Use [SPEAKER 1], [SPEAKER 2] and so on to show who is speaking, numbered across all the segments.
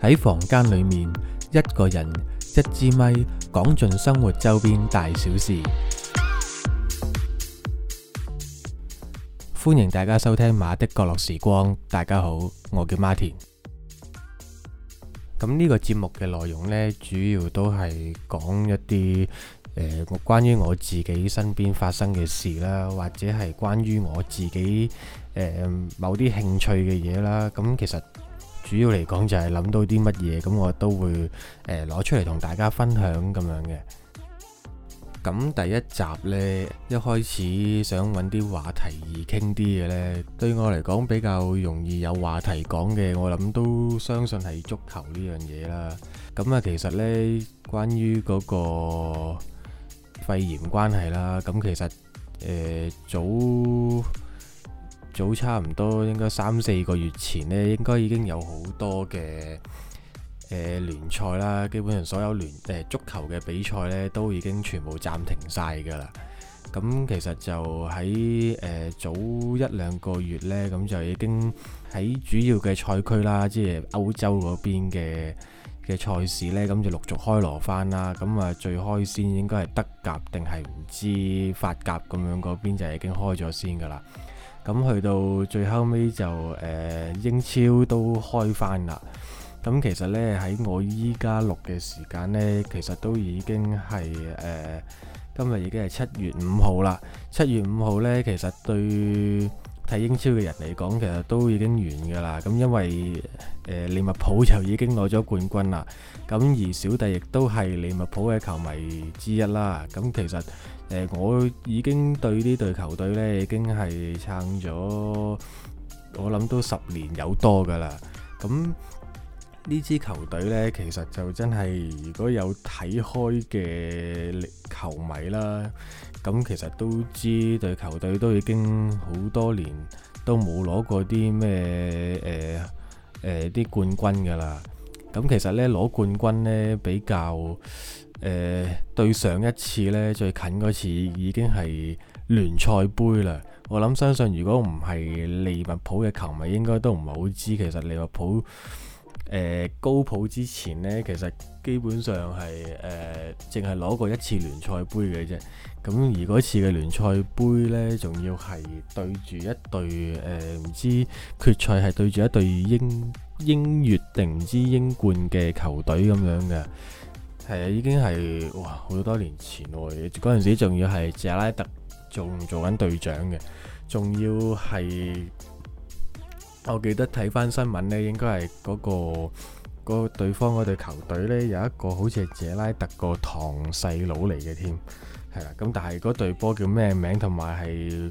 [SPEAKER 1] 喺房間裏面，一個人一支咪，講盡生活周邊大小事。歡迎大家收聽《馬的角落時光》，大家好，我叫 Martin。咁呢個節目嘅內容呢，主要都係講一啲誒關於我自己身邊發生嘅事啦，或者係關於我自己誒某啲興趣嘅嘢啦。咁其實。主要嚟講就係諗到啲乜嘢？咁我都會誒攞出嚟同大家分享咁樣嘅。咁第一集呢，一開始想搵啲話題易傾啲嘅呢，對於我嚟講比較容易有話題講嘅，我諗都相信係足球呢樣嘢啦。咁啊，其實呢關於嗰個肺炎關係啦，咁其實誒早。早差唔多應該三四個月前呢，應該已經有好多嘅誒、呃、聯賽啦。基本上所有聯誒、呃、足球嘅比賽呢，都已經全部暫停晒㗎啦。咁其實就喺誒、呃、早一兩個月呢，咁就已經喺主要嘅賽區啦，即係歐洲嗰邊嘅嘅賽事呢，咁就陸續開鑼返啦。咁啊，最開先應該係德甲定係唔知法甲咁樣嗰邊就已經開咗先㗎啦。咁去到最後尾就誒、呃、英超都開返啦。咁其實呢，喺我依家錄嘅時間呢，其實都已經係誒、呃、今日已經係七月五號啦。七月五號呢，其實對睇英超嘅人嚟講，其實都已經完噶啦。咁因為誒利物浦就已經攞咗冠軍啦。咁而小弟亦都係利物浦嘅球迷之一啦。咁其實誒我已經對呢隊球隊呢已經係撐咗，我諗都十年有多噶啦。咁呢支球隊呢，其實就真係如果有睇開嘅球迷啦，咁、嗯、其實都知對球隊都已經好多年都冇攞過啲咩誒誒啲冠軍㗎啦。咁、嗯、其實呢，攞冠軍呢，比較誒、呃、對上一次呢，最近嗰次已經係聯賽杯啦。我諗相信，如果唔係利物浦嘅球迷，應該都唔係好知其實利物浦。誒、呃、高普之前呢，其實基本上係誒淨係攞過一次聯賽杯嘅啫。咁而嗰次嘅聯賽杯呢，仲要係對住一隊誒唔知決賽係對住一隊英英乙定唔知英冠嘅球隊咁樣嘅，係啊，已經係哇，好多年前喎，嗰陣時仲要係謝拉、拉特仲做緊隊長嘅，仲要係。我記得睇翻新聞呢，應該係嗰、嗰個嗰對方嗰隊球隊呢，有一個好似係謝拉特個堂細佬嚟嘅，添係啦。咁但係嗰隊波叫咩名，同埋係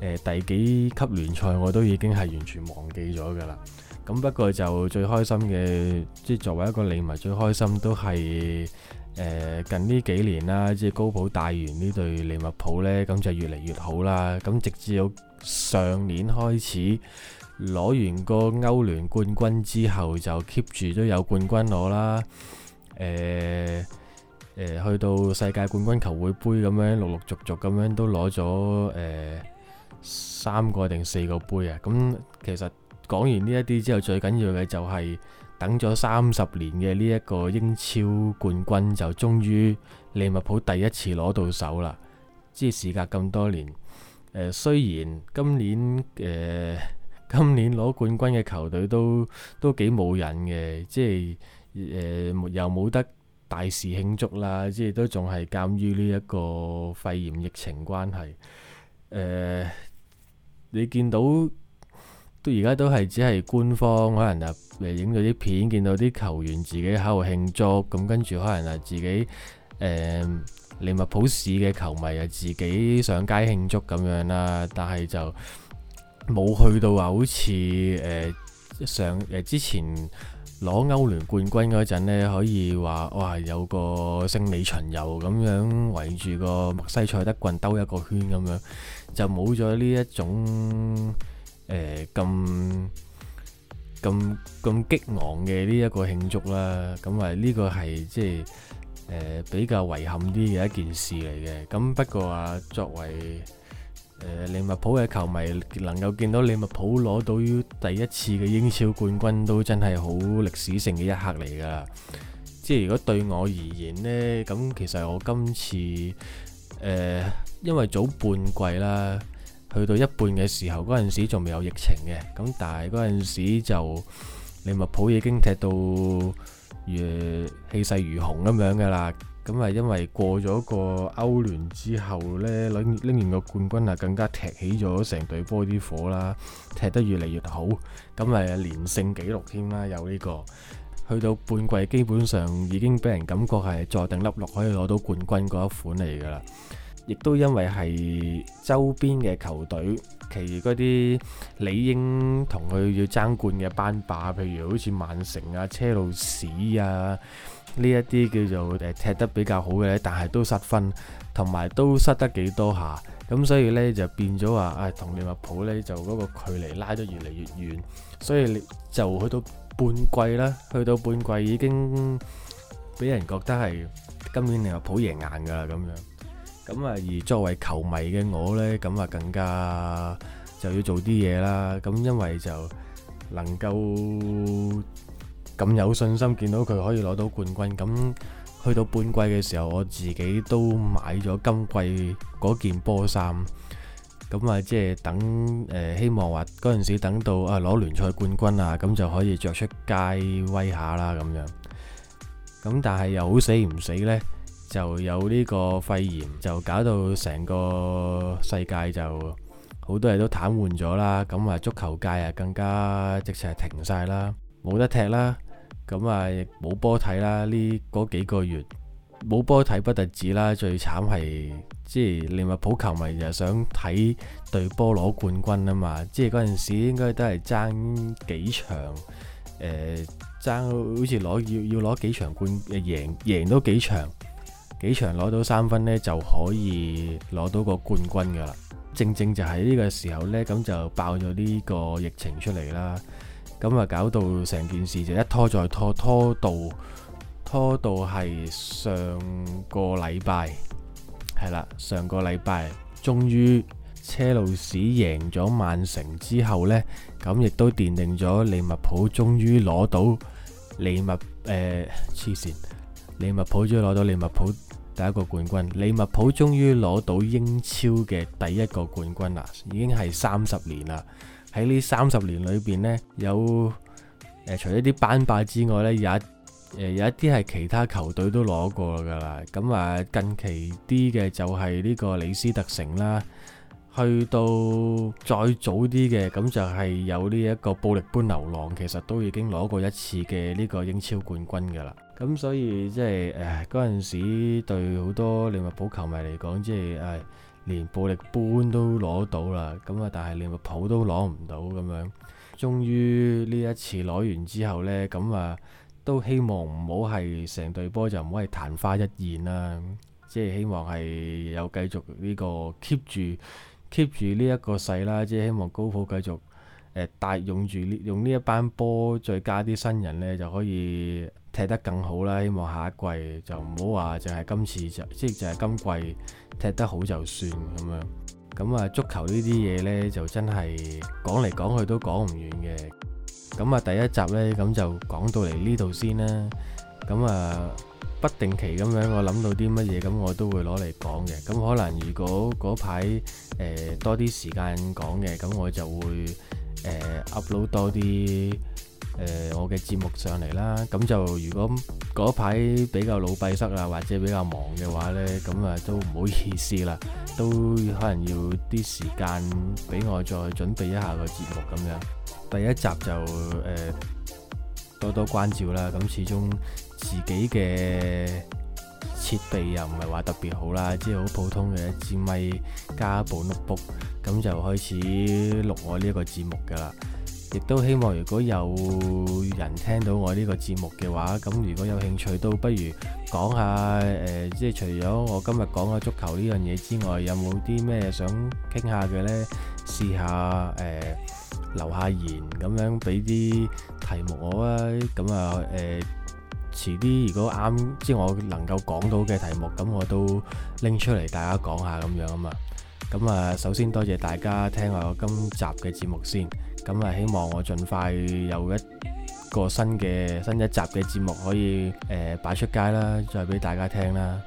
[SPEAKER 1] 第幾級聯賽，我都已經係完全忘記咗㗎啦。咁不過就最開心嘅，即係作為一個利物浦最開心都係誒、呃、近呢幾年啦，即係高普帶完呢隊利物浦呢，咁就越嚟越好啦。咁直至到上年開始。攞完個歐聯冠軍之後，就 keep 住都有冠軍攞啦。誒、呃呃、去到世界冠軍球會杯咁樣，陸陸續續咁樣都攞咗誒三個定四個杯啊！咁其實講完呢一啲之後，最緊要嘅就係等咗三十年嘅呢一個英超冠軍就終於利物浦第一次攞到手啦！即係事隔咁多年，誒、呃、雖然今年誒、呃今年攞冠軍嘅球隊都都幾冇癮嘅，即係誒、呃、又冇得大肆慶祝啦，即係都仲係鑑於呢一個肺炎疫情關係。誒、呃，你見到到而家都係只係官方可能啊嚟影咗啲片，見到啲球員自己喺度慶祝，咁跟住可能啊自己誒、呃、利物浦市嘅球迷啊自己上街慶祝咁樣啦，但係就。冇去到啊！好似誒、呃，上誒，之前攞歐聯冠軍嗰陣咧，可以話哇有個勝利巡遊咁樣，圍住個墨西塞德郡兜一個圈咁樣，就冇咗呢一種誒咁咁咁激昂嘅呢一個慶祝啦。咁啊呢個係即係誒、呃、比較遺憾啲嘅一件事嚟嘅。咁不過啊，作為。誒、呃，利物浦嘅球迷能夠見到利物浦攞到要第一次嘅英超冠軍，都真係好歷史性嘅一刻嚟噶。即係如果對我而言呢，咁其實我今次誒、呃，因為早半季啦，去到一半嘅時候嗰陣時仲未有疫情嘅，咁但係嗰陣時就利物浦已經踢到如氣勢如虹咁樣噶啦。咁啊，因為過咗個歐聯之後呢，拎拎完個冠軍啊，更加踢起咗成隊波啲火啦，踢得越嚟越好。咁啊，連勝紀錄添啦，有呢、這個，去到半季基本上已經俾人感覺係坐定粒六可以攞到冠軍嗰一款嚟㗎啦。亦都因為係周邊嘅球隊，其餘嗰啲理應同佢要爭冠嘅班霸，譬如好似曼城啊、車路士啊呢一啲叫做誒、呃、踢得比較好嘅，但係都失分，同埋都失得幾多下，咁所以呢，就變咗話，誒、哎、同利物浦呢，就嗰個距離拉得越嚟越遠，所以就去到半季啦，去到半季已經俾人覺得係今年利物浦贏硬㗎啦咁樣。咁啊，而作為球迷嘅我呢，咁啊更加就要做啲嘢啦。咁因為就能夠咁有信心，見到佢可以攞到冠軍。咁去到半季嘅時候，我自己都買咗今季嗰件波衫。咁啊，即係等誒，希望話嗰陣時等到啊攞聯賽冠軍啊，咁就可以著出街威下啦咁樣。咁但係又好死唔死呢～就有呢個肺炎，就搞到成個世界就好多嘢都癱瘓咗啦。咁啊，足球界啊更加直情係停晒啦，冇得踢啦。咁啊，冇波睇啦。呢嗰幾個月冇波睇，不得止啦。最慘係即係利物浦球迷就想睇對波攞冠軍啊嘛。即係嗰陣時應該都係爭幾場，誒爭好似攞要要攞幾場冠，贏贏都幾場。幾場攞到三分呢，就可以攞到個冠軍噶啦。正正就喺呢個時候呢，咁就爆咗呢個疫情出嚟啦。咁啊，搞到成件事就一拖再拖，拖到拖到係上個禮拜，係啦，上個禮拜終於車路士贏咗曼城之後呢，咁亦都奠定咗利物浦終於攞到利物誒，呃，黐線利物浦終於攞到利物浦第一個冠軍，利物浦終於攞到英超嘅第一個冠軍啦，已經係三十年啦。喺呢三十年裏邊呢，有誒除咗啲班霸之外呢，有誒有一啲係其他球隊都攞過噶啦。咁啊，近期啲嘅就係呢個李斯特城啦。去到再早啲嘅，咁就係有呢一個布力般流浪，其實都已經攞過一次嘅呢個英超冠軍噶啦。咁所以即係誒嗰陣時，對好多利物浦球迷嚟講，即係誒連暴力搬都攞到啦。咁啊，但係利物浦都攞唔到咁樣。終於呢一次攞完之後呢，咁啊都希望唔好係成隊波就唔好係曇花一現啦。即、就、係、係、希望係有繼續呢、呢個 keep 住 keep 住呢一個勢啦。即係希望高普繼續誒帶、呃、用住呢用呢一班波，再加啲新人呢，就可以。踢得更好啦，希望下一季就唔好話就係今次就即係就係今季踢得好就算咁樣。咁啊足球呢啲嘢呢就真係講嚟講去都講唔完嘅。咁啊第一集呢咁就講到嚟呢度先啦。咁啊不定期咁樣我諗到啲乜嘢咁我都會攞嚟講嘅。咁可能如果嗰排誒多啲時間講嘅，咁我就會誒 upload 多啲。誒、呃，我嘅節目上嚟啦，咁就如果嗰排比較老閉塞啦，或者比較忙嘅話呢，咁啊都唔好意思啦，都可能要啲時間俾我再準備一下個節目咁樣。第一集就誒、呃、多多關照啦，咁始終自己嘅設備又唔係話特別好啦，即係好普通嘅一支咪加一部 notebook，咁就開始錄我呢一個節目噶啦。亦都希望，如果有人聽到我呢個節目嘅話，咁如果有興趣，都不如講下誒，即係除咗我今日講嘅足球呢樣嘢之外，有冇啲咩想傾下嘅呢？試下誒留下言咁樣俾啲題目我啊，咁啊誒，遲啲如果啱，即係我能夠講到嘅題目，咁我都拎出嚟大家講下咁樣啊嘛。咁啊，首先多謝大家聽我今集嘅節目先。咁啊，希望我盡快有一個新嘅新一集嘅節目可以誒擺、呃、出街啦，再俾大家聽啦。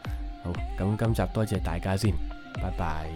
[SPEAKER 1] 好，咁今集多謝大家先，拜拜。